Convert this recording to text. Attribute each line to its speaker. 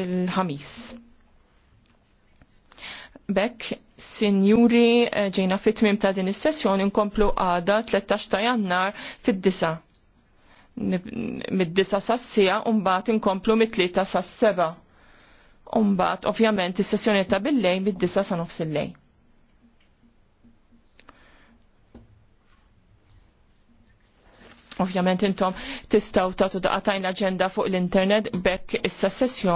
Speaker 1: il-ħamis. Bekk, sinjuri eh, ġejna fit-tmim ta' din is-sessjoni nkomplu għada 13 ta' jannar fid-disa. Mid-disa sassija un-bat nkomplu mit-tlieta sass-seba. Umbat, ovvjament, is-sessjoni ta' billej mid-disa sa' nofs il Ovvjament intom tistaw tagħtu daqatajn l-aġenda fuq l-internet
Speaker 2: bekk issa sessjoni.